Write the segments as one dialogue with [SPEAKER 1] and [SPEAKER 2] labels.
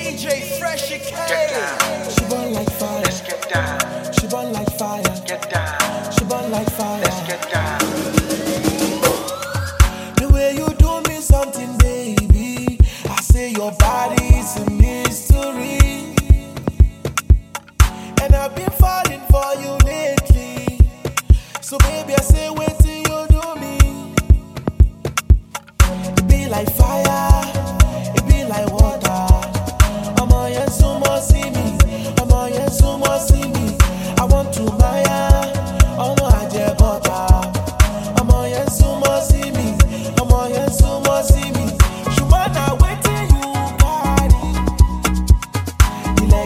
[SPEAKER 1] DJ Fresh K.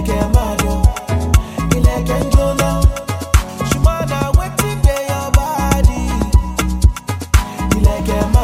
[SPEAKER 1] like a